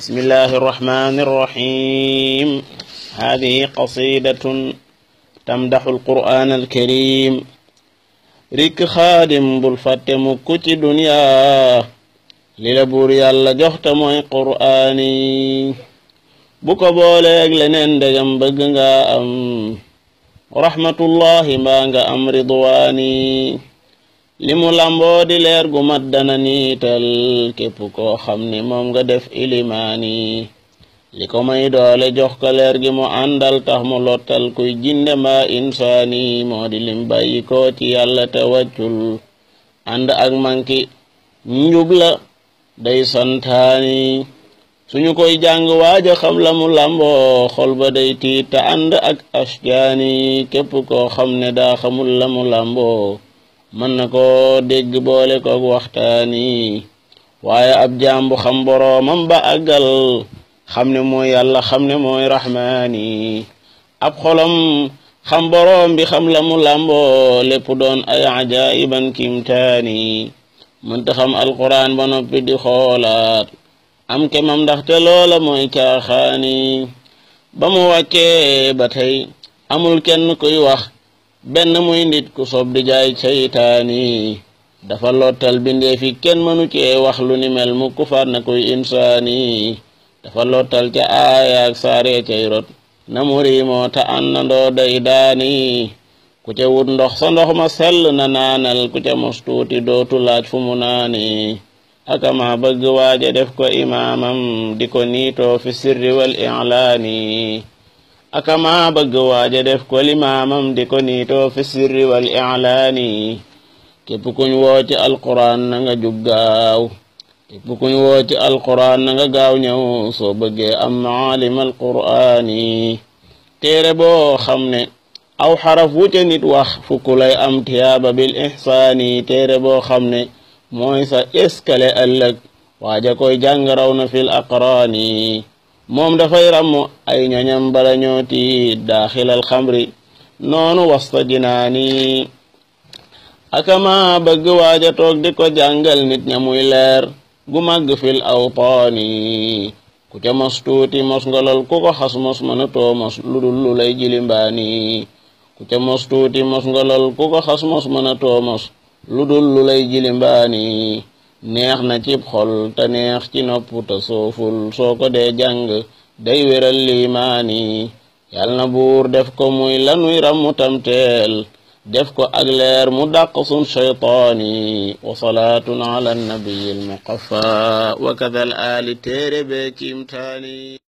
بسم الله الرحمن الرحيم هذه قصيدة تمدح القرآن الكريم ريك خادم بالفتح مكوت دنيا للبور يالا جوخت موي قرآني بوكو بوليك لنين دجم بغنغا أم رحمة الله مانغا أم رضواني limu mu di leer gu mat dana niital képp koo xam ni moom nga def ilimaani li ko may doole jox ko leer gi mu àndal tax mu lottal kuy jinde mbaa insaani moo di lim bàyyi koo ci yàlla te wàccul ànd ak manki njub la day santaani suñu koy jàng waaja xam la mu lamboo xol ba day tiit te ànd ak ashjaani képp koo xam ne daa xamul la mu mën na koo dégg boole koog waxtaani waaye ab jaam bu xam boroomam ba àggal xam ne mooy yàlla xam ne mooy raxmaani ab xolam xam boroom bi xam la mu làmboo lépp doon ay ajaayiban kimtaani mënta xam alquran ba noppi di xoolaat am kemam ndaxte loola mooy caaxaani ba mu wàccee ba tey amul kenn koy wax benn muy ndit ku sob di jaay seytaani dafa lottal bindeefi kenn mënu cee wax lu ni mel mu kufaat na koy insaani dafa lottal ca aayaak saaree cay rot na mu riimoo ta àndandoo day daani ku ca wut ndox sa ndox ma sell na naanal ku ca mos tuuti dootu laaj fu mu naani akama bëgg waaja def ko imaamam di ko niitoo fi sirri wal ilaani akama bëgg waaja def ko limaamam di ko niitoo fi sirri nga jug gaaw képp kuñ woo ci alquran na nga gaaw ñëw soo bëggee am maalim alqur'aani téere boo xam ne aw xaraf wu ca nit wax fukk lay am tiyaaba bil ihsaani téere boo xam ne mooy sa eskale ëllëg waaja koy jàng raw na fil aqraani Mau fay ram ay ñoñam bala ñooti daaxilal xamri nonu wasta dinani, akama bëgg waaja tok di ko jàngal nit ña muy leer gu mag fil awtani ku ca mos tuuti mos ngalal ku ko xas mos mëna to mos lu dul lu lay ku ca mos mos ngalal ku ko xas mos mëna to mos lu neex na cib xol te neex ci nopp te sooful soo ko dee jàng day wéral liimaani yal na buur def ko muy lan rammu tamteel def ko ak leer mu dàq sun shaytaani wa salaatun ala nabiyi almuqafa wa kadal aali téere bee